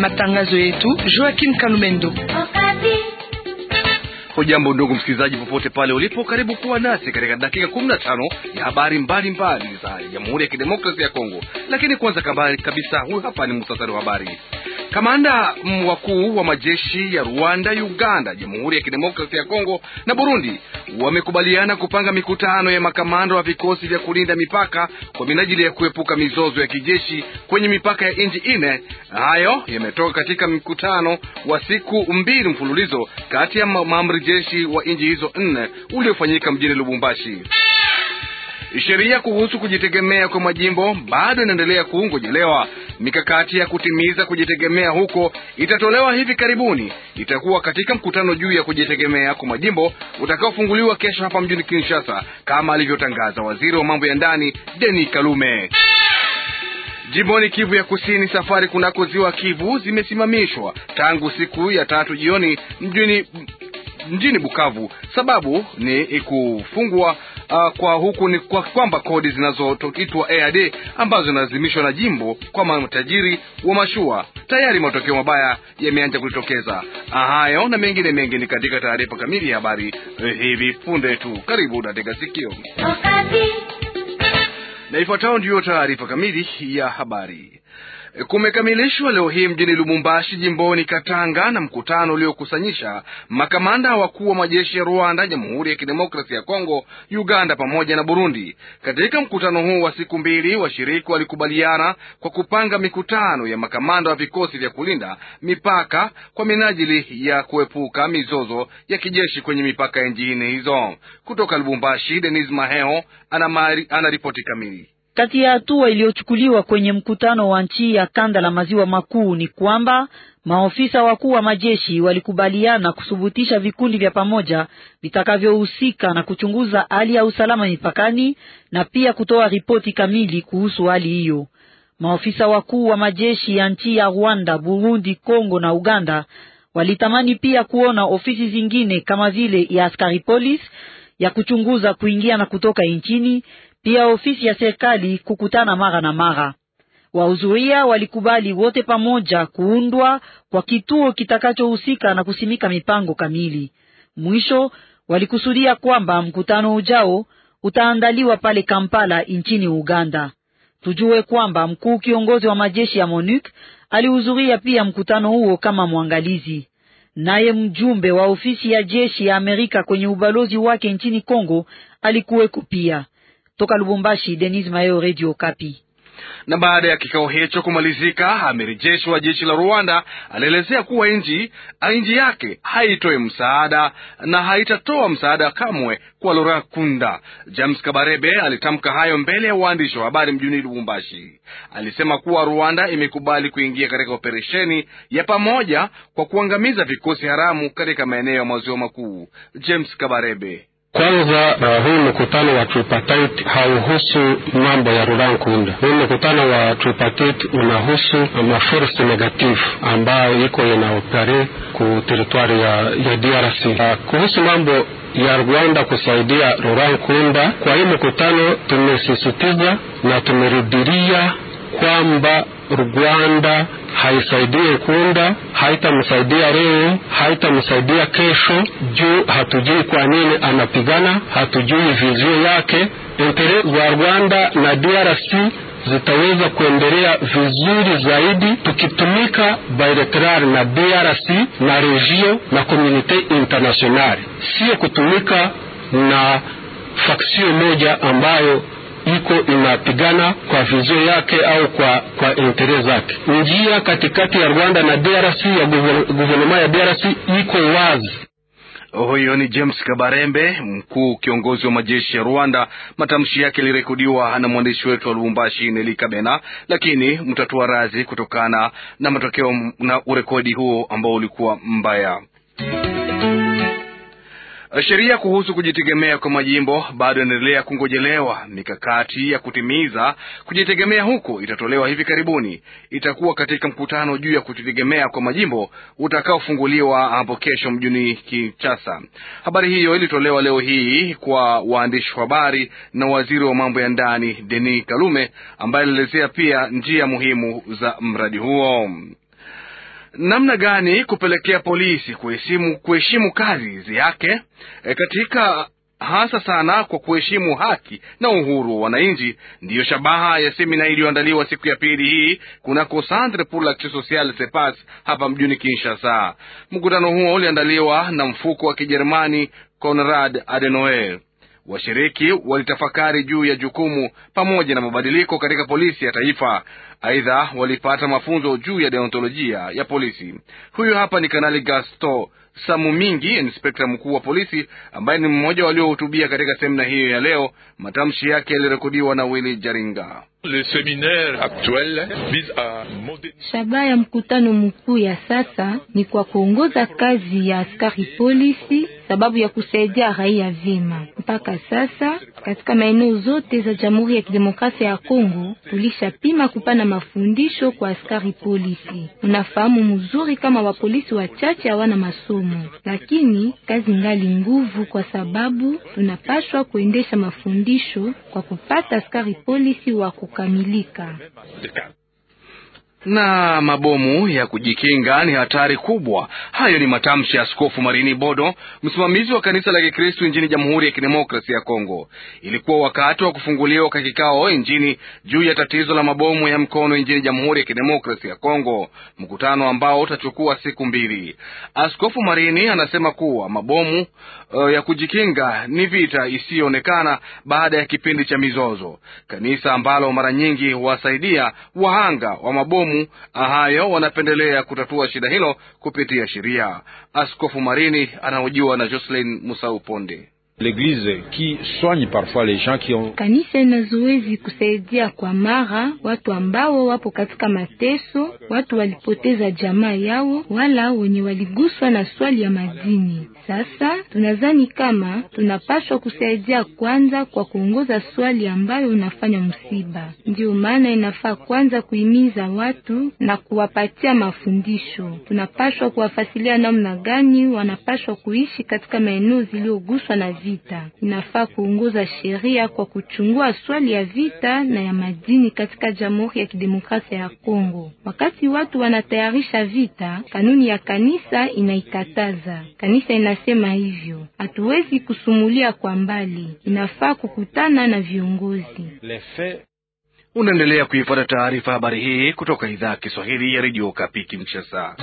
matangazo yetu Joakim Kalumendo. Hujambo ndugu msikilizaji, popote pale ulipo, karibu kuwa nasi katika dakika 15 ya habari mbalimbali za Jamhuri ya Kidemokrasia ya Kongo. Lakini kwanza kabisa, huyu hapa ni muhtasari wa habari. Kamanda wakuu wa majeshi ya Rwanda, Uganda, Jamhuri ya Kidemokrasia ya Kongo na Burundi wamekubaliana kupanga mikutano ya makamanda wa vikosi vya kulinda mipaka kwa minajili ya kuepuka mizozo ya kijeshi kwenye mipaka ya nchi nne. Hayo yametoka katika mkutano wa siku mbili mfululizo kati ya maamri jeshi wa nchi hizo nne uliofanyika mjini Lubumbashi. Sheria kuhusu kujitegemea kwa majimbo bado inaendelea kuungojelewa. Mikakati ya kutimiza kujitegemea huko itatolewa hivi karibuni, itakuwa katika mkutano juu ya kujitegemea kwa majimbo utakaofunguliwa kesho hapa mjini Kinshasa, kama alivyotangaza waziri wa mambo ya ndani Denis Kalume. Jimboni Kivu ya Kusini, safari kunako ziwa Kivu zimesimamishwa tangu siku ya tatu jioni mjini mjini Bukavu. Sababu ni kufungwa uh, kwa huku ni kwa kwamba kodi zinazoitwa EAD ambazo zinalazimishwa na jimbo kwa matajiri wa mashua, tayari matokeo mabaya yameanza kujitokeza. Ah, hayo na mengine mengi ni katika taarifa kamili ya habari eh, hivi punde tu. Karibu natega sikio, na ifuatayo ndiyo taarifa kamili ya habari. Kumekamilishwa leo hii mjini Lubumbashi jimboni Katanga na mkutano uliokusanyisha makamanda wakuu wa majeshi ya Rwanda, Jamhuri ya Kidemokrasia ya Kongo, Uganda pamoja na Burundi. Katika mkutano huu wa siku mbili, washiriki walikubaliana kwa kupanga mikutano ya makamanda wa vikosi vya kulinda mipaka kwa minajili ya kuepuka mizozo ya kijeshi kwenye mipaka ya nchi hizo. Kutoka Lubumbashi, Denis Maheo anaripoti ripoti kamili. Kati ya hatua iliyochukuliwa kwenye mkutano wa nchi ya kanda la maziwa makuu ni kwamba maofisa wakuu wa majeshi walikubaliana kuthubutisha vikundi vya pamoja vitakavyohusika na kuchunguza hali ya usalama mipakani na pia kutoa ripoti kamili kuhusu hali hiyo. Maofisa wakuu wa majeshi ya nchi ya Rwanda, Burundi, Kongo na Uganda walitamani pia kuona ofisi zingine kama vile ya askari polisi ya kuchunguza kuingia na kutoka nchini pia ofisi ya serikali kukutana mara na mara. Wahudhuria walikubali wote pamoja kuundwa kwa kituo kitakachohusika na kusimika mipango kamili. Mwisho walikusudia kwamba mkutano ujao utaandaliwa pale Kampala nchini Uganda. Tujue kwamba mkuu kiongozi wa majeshi ya MONUC alihudhuria pia mkutano huo kama mwangalizi. Naye mjumbe wa ofisi ya jeshi ya Amerika kwenye ubalozi wake nchini Kongo alikuweko pia. Toka Lubumbashi, Denis Mayo, Radio Kapi. Na baada ya kikao hicho kumalizika, amiri jeshi wa jeshi la Rwanda alielezea kuwa nji nchi yake haitoi msaada na haitatoa msaada kamwe kwa Lora Kunda. James Kabarebe alitamka hayo mbele ya waandishi wa habari mjini Lubumbashi. Alisema kuwa Rwanda imekubali kuingia katika operesheni ya pamoja kwa kuangamiza vikosi haramu katika maeneo ya maziwa makuu. James Kabarebe kwanza uh, huu mkutano wa tripartite hauhusu mambo ya Laurent Nkunda. Huu mkutano wa tripartite unahusu uh, maforce negative ambayo iko inaopere ku teritwari ya, ya DRC. Uh, kuhusu mambo ya Rwanda kusaidia Laurent Nkunda, kwa hii mkutano tumesisitiza na tumerudiria kwamba Rwanda haisaidie Nkunda haitamsaidia leo, haitamsaidia kesho, juu hatujui kwa nini anapigana, hatujui vizio yake. Entere za Rwanda na DRC zitaweza kuendelea vizuri zaidi tukitumika bilateral na DRC na regio na community international, sio kutumika na faksio moja ambayo iko inapigana kwa vizio yake au kwa kwa intere zake. Njia katikati ya Rwanda na DRC ya guvernema ya DRC iko wazi. Huyo ni James Kabarembe, mkuu kiongozi wa majeshi ya Rwanda. Matamshi yake yalirekodiwa na mwandishi wetu wa Lubumbashi, Neli Kabena, lakini mtatua razi kutokana na matokeo na urekodi huo ambao ulikuwa mbaya. Eh, sheria kuhusu kujitegemea kwa majimbo bado inaendelea kungojelewa. Mikakati ya kutimiza kujitegemea huko itatolewa hivi karibuni, itakuwa katika mkutano juu ya kujitegemea kwa majimbo utakaofunguliwa hapo kesho mjini Kinshasa. Habari hiyo ilitolewa leo hii kwa waandishi wa habari na waziri wa mambo ya ndani Denis Kalume, ambaye alielezea pia njia muhimu za mradi huo namna gani kupelekea polisi kuheshimu, kuheshimu kazi yake e, katika hasa sana kwa kuheshimu haki na uhuru wa wananchi. Ndiyo shabaha ya semina iliyoandaliwa siku ya pili hii kunako Centre pour l'Action social sepas hapa mjini Kinshasa. Mkutano huo uliandaliwa na mfuko wa Kijerumani conrad Adenauer. Washiriki walitafakari juu ya jukumu pamoja na mabadiliko katika polisi ya taifa. Aidha, walipata mafunzo juu ya deontolojia ya polisi. Huyu hapa ni Kanali Gasto Samu Mingi, inspekta mkuu wa polisi ambaye ni mmoja waliohutubia katika semina hiyo ya leo. Matamshi yake yalirekodiwa na Willy Jaringa. Shabaha ya mkutano mkuu ya sasa ni kwa kuongoza kazi ya askari polisi sababu ya kusaidia raia vyema. Mpaka sasa katika maeneo zote za Jamhuri ya Kidemokrasia ya Kongo tulishapima kupana mafundisho kwa askari polisi. Unafahamu mzuri kama wapolisi wachache hawana masomo magumu, lakini kazi ngali nguvu, kwa sababu tunapaswa kuendesha mafundisho kwa kupata askari polisi wa kukamilika na mabomu ya kujikinga ni hatari kubwa. Hayo ni matamshi ya Askofu Marini Bodo, msimamizi wa kanisa la Kikristu nchini Jamhuri ya Kidemokrasia ya Kongo. Ilikuwa wakati wa kufunguliwa kwa kikao nchini juu ya tatizo la mabomu ya mkono nchini Jamhuri ya Kidemokrasia ya Kongo, mkutano ambao utachukua siku mbili. Askofu Marini anasema kuwa mabomu uh, ya kujikinga ni vita isiyoonekana baada ya kipindi cha mizozo, kanisa ambalo mara nyingi huwasaidia wahanga wa mabomu Waislamu hayo wanapendelea kutatua shida hilo kupitia sheria. Askofu Marini anahojiwa na joselin Musau Ponde. Kanisa ina zoezi kusaidia kwa mara watu ambao wapo katika mateso, watu walipoteza jamaa yao, wala wenye waliguswa na swali ya madini. Sasa tunazani kama tunapaswa kusaidia kwanza kwa kuongoza swali ambayo unafanya msiba. Ndio maana inafaa kwanza kuhimiza watu na kuwapatia mafundisho. Tunapaswa kuwafasilia namna gani wanapaswa kuishi katika maeneo ziliyoguswa na vita vita. Inafaa kuongoza sheria kwa kuchungua swali ya vita na ya madini katika Jamhuri ya Kidemokrasia ya Kongo. Wakati watu wanatayarisha vita, kanuni ya kanisa inaikataza. Kanisa inasema hivyo, hatuwezi kusumulia kwa mbali, inafaa kukutana na viongozi. Unaendelea kuifuata taarifa habari hii kutoka idhaa ya Kiswahili ya redio Kapi Kinshasa.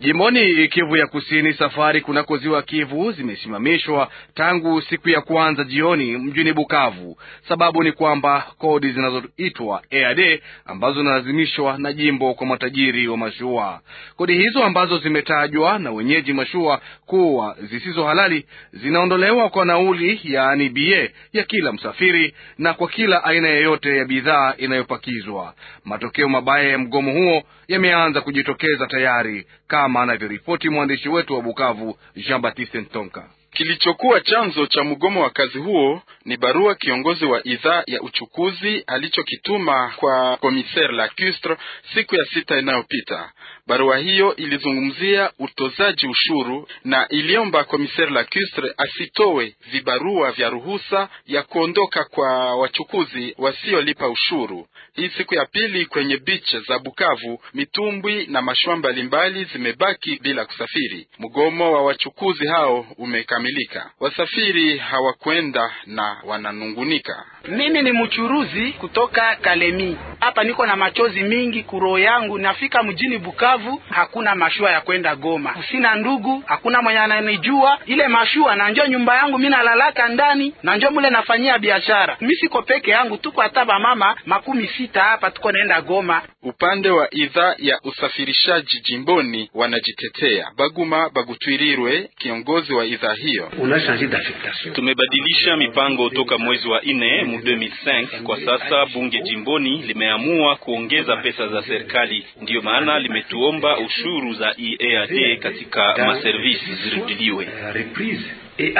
Jimboni Kivu ya Kusini, safari kunako ziwa Kivu zimesimamishwa tangu siku ya kwanza jioni mjini Bukavu. Sababu ni kwamba kodi zinazoitwa EAD ambazo zinalazimishwa na jimbo kwa matajiri wa mashua. Kodi hizo ambazo zimetajwa na wenyeji mashua kuwa zisizo halali zinaondolewa kwa nauli, yaani bie ya kila msafiri na kwa kila aina yoyote ya bidhaa inayopakizwa. Matokeo mabaya ya mgomo huo yameanza kujitokeza tayari kama kama anavyoripoti mwandishi wetu wa Bukavu, Jean Baptiste Ntonka. Kilichokuwa chanzo cha mgomo wa kazi huo ni barua kiongozi wa idhaa ya uchukuzi alichokituma kwa la Lacustre siku ya sita inayopita. Barua hiyo ilizungumzia utozaji ushuru na iliomba komisari la Kustre asitowe vibarua vya ruhusa ya kuondoka kwa wachukuzi wasiolipa ushuru. Hii siku ya pili kwenye beach za Bukavu, mitumbwi na mashua mbalimbali zimebaki bila kusafiri. Mgomo wa wachukuzi hao umekamilika, wasafiri hawakwenda na wananungunika. Mimi ni mchuruzi kutoka Kalemi hapa niko na machozi mingi kuroho yangu. Nafika mjini Bukavu, hakuna mashua ya kwenda Goma, sina ndugu, hakuna mwenye ananijua. Ile mashua na njo nyumba yangu, mi nalalaka ndani na njo mule nafanyia biashara. Mi siko peke yangu, tuko hata bamama makumi sita hapa, tuko naenda Goma. Upande wa idhaa ya usafirishaji jimboni wanajitetea. Baguma Bagutwirirwe, kiongozi wa idhaa hiyo: tumebadilisha mipango toka mwezi wa nne mu 2005 kwa sasa bunge jimboni lime limeamua kuongeza pesa za serikali, ndiyo maana limetuomba ushuru za EAD katika maservisi zirudiliwe. Uh, e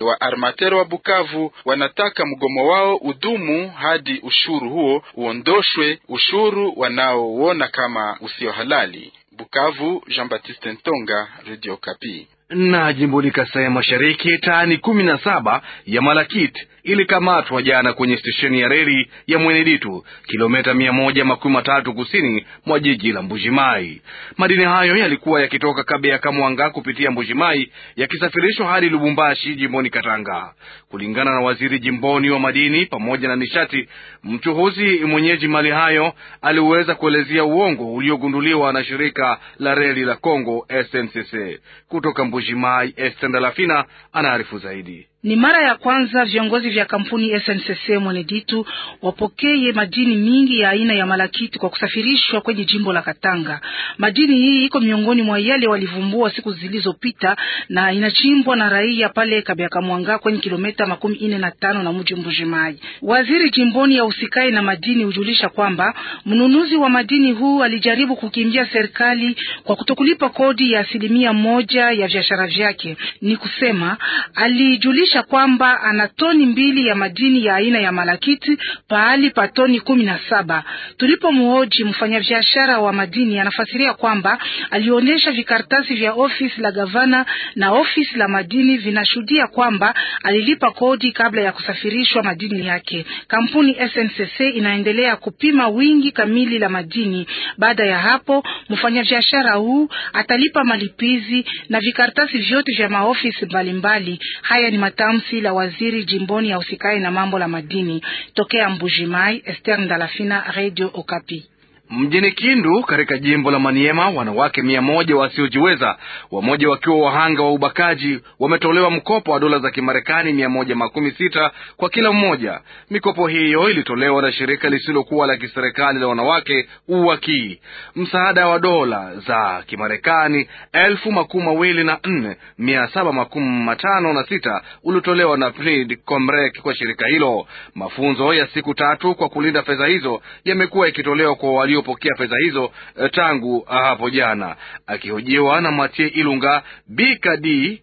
wa armater wa Bukavu wanataka mgomo wao udumu hadi ushuru huo uondoshwe, ushuru wanaouona kama usio halali. Bukavu, Jean Baptiste Ntonga, Radio Kapi. Na jimbo Kasai Mashariki, tani kumi na saba ya Malakit ilikamatwa jana kwenye stesheni ya reli ya Mweneditu, kilomita mia moja makumi matatu kusini mwa jiji la Mbujimai. Madini hayo yalikuwa yakitoka Kabeya Kamwanga kupitia Mbujimai yakisafirishwa hadi Lubumbashi jimboni Katanga, kulingana na waziri jimboni wa madini pamoja na nishati. Mchuhuzi mwenyeji mali hayo aliweza kuelezea uongo uliogunduliwa na shirika la reli la congo SNCC kutoka Mbujimai. Estendalafina anaarifu zaidi. Ni mara ya kwanza viongozi vya kampuni SNCC Mweneditu wapokee madini mingi ya aina ya malakiti kwa kusafirishwa kwenye jimbo la Katanga. Madini hii iko miongoni mwa yale walivumbua siku zilizopita na inachimbwa na raia pale Kabiakamwanga kwenye kilomita makumi ine na tano na mji Mbujimayi. Waziri jimboni ya usikai na madini hujulisha kwamba mnunuzi wa madini huu alijaribu kukimbia serikali kwa kutokulipa kodi ya asilimia moja ya biashara vyake. Ni kusema alijulisha anajulisha kwamba ana toni mbili ya madini ya aina ya malakiti pahali pa toni kumi na saba. Tulipomhoji mfanyabiashara wa madini anafasiria kwamba alionyesha vikaratasi vya ofisi la gavana na ofisi la madini vinashuhudia kwamba alilipa kodi kabla ya kusafirishwa madini yake. Kampuni SNCC inaendelea kupima wingi kamili la madini. Baada ya hapo, mfanyabiashara huu atalipa malipizi na vikaratasi vyote vya maofisi mbalimbali. Haya ni mat tamsi la waziri jimboni ya usikai na mambo la madini tokea Mbujimai. Esther Ndalafina, Radio Okapi. Mjini Kindu katika jimbo la Maniema, wanawake mia moja wasiojiweza, wamoja wakiwa wahanga wa ubakaji, wametolewa mkopo wa dola za Kimarekani mia moja makumi sita kwa kila mmoja. Mikopo hiyo ilitolewa na shirika lisilokuwa la kiserikali la wanawake UWAKI, msaada wa dola za Kimarekani elfu makumi mawili na nne mia saba makumi matano na sita uliotolewa na PNID Comrec kwa shirika hilo. Mafunzo ya siku tatu kwa kulinda fedha hizo yamekuwa ikitolewa kwa walio waliopokea fedha hizo eh, tangu ah, hapo jana. Akihojiwa na Matie Ilunga,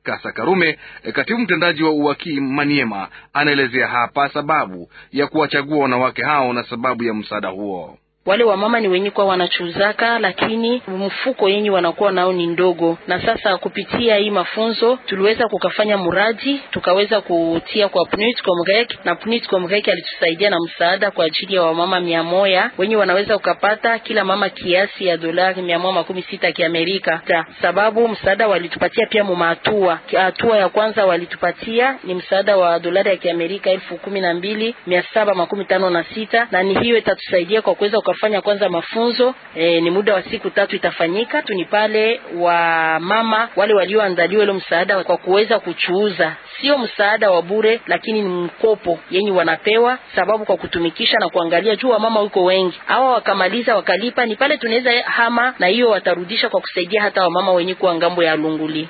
kasa karume eh, katibu mtendaji wa Uwaki Maniema, anaelezea hapa sababu ya kuwachagua wanawake hao na sababu ya msaada huo. Wale wamama ni wenye kwa wanachuzaka, lakini mfuko yenye wanakuwa nao ni ndogo. Na sasa kupitia hii mafunzo tuliweza kukafanya muradi, tukaweza kutia kwa PNUD kwa na PNUD kwa alitusaidia na msaada kwa ajili ya wamama mia moya wenye wanaweza kukapata kila mama kiasi ya dolari mia moja makumi sita kiamerika ta sababu msaada walitupatia pia mumahatua. Hatua ya kwanza walitupatia ni msaada wa dolari ya kiamerika elfu kumi na mbili mia saba makumi tano na sita na ni hiyo itatusaidia kwa kuweza kufanya kwanza mafunzo e, ni muda wa siku tatu itafanyika tu, ni pale wamama wale walioandaliwa ile msaada kwa kuweza kuchuuza, sio msaada wa bure, lakini ni mkopo yenye wanapewa sababu kwa kutumikisha na kuangalia juu wamama uko wengi. Hawa wakamaliza wakalipa, ni pale tunaweza hama na hiyo watarudisha kwa kusaidia hata wamama wenye kuwa ngambo ya Lunguli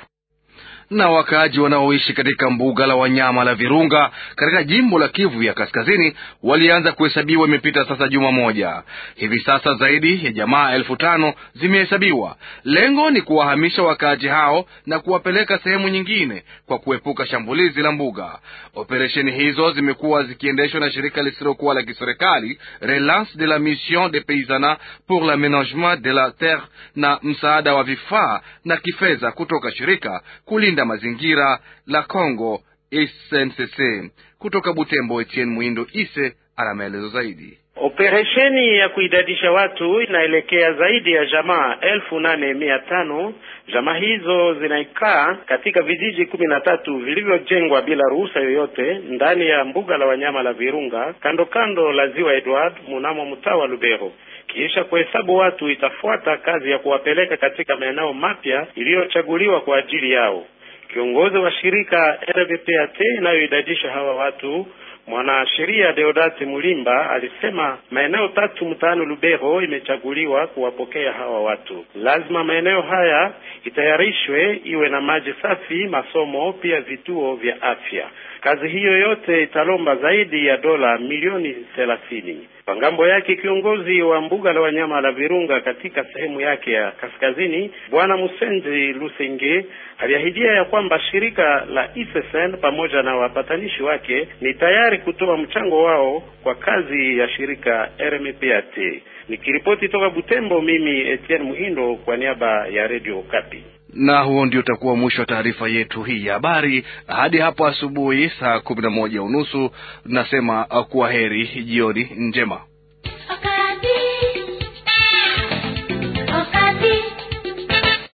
na wakaaji wanaoishi katika mbuga la wanyama la Virunga katika jimbo la Kivu ya Kaskazini walianza kuhesabiwa imepita sasa juma moja hivi. Sasa zaidi ya jamaa elfu tano zimehesabiwa. Lengo ni kuwahamisha wakaaji hao na kuwapeleka sehemu nyingine kwa kuepuka shambulizi la mbuga. Operesheni hizo zimekuwa zikiendeshwa na shirika lisilokuwa la kiserikali Relance de la Mission de Paysana pour l'Aménagement de la Terre na msaada wa vifaa na kifedha kutoka shirika kulinda kulinda mazingira la Congo SNCC. Kutoka Butembo, Etienne Mwindo Ise ana maelezo zaidi. Operesheni ya kuidadisha watu inaelekea zaidi ya jamaa elfu nane mia tano. Jamaa hizo zinaikaa katika vijiji kumi na tatu vilivyojengwa bila ruhusa yoyote ndani ya mbuga la wanyama la Virunga kando kando la ziwa Edward munamo mtaa wa Lubero. Kisha kuhesabu watu itafuata kazi ya kuwapeleka katika maeneo mapya iliyochaguliwa kwa ajili yao. Viongozi wa shirika RBPAT inayoidadisha hawa watu Mwanasheria Deodati Mulimba alisema maeneo tatu mtaani Lubero imechaguliwa kuwapokea hawa watu. Lazima maeneo haya itayarishwe iwe na maji safi, masomo, pia vituo vya afya. Kazi hiyo yote italomba zaidi ya dola milioni thelathini. Kwa ngambo yake, kiongozi wa mbuga la wanyama la Virunga katika sehemu yake ya kaskazini, Bwana Musenzi Lusenge aliahidia ya kwamba shirika la ISSN pamoja na wapatanishi wake ni tayari tayari kutoa mchango wao kwa kazi ya shirika RMPAT. Nikiripoti toka Butembo, mimi Etienne Muhindo kwa niaba ya Radio Kapi. Na huo ndio utakuwa mwisho wa taarifa yetu hii ya habari. Hadi hapo asubuhi saa kumi na moja unusu, nasema kuwa heri, jioni njema.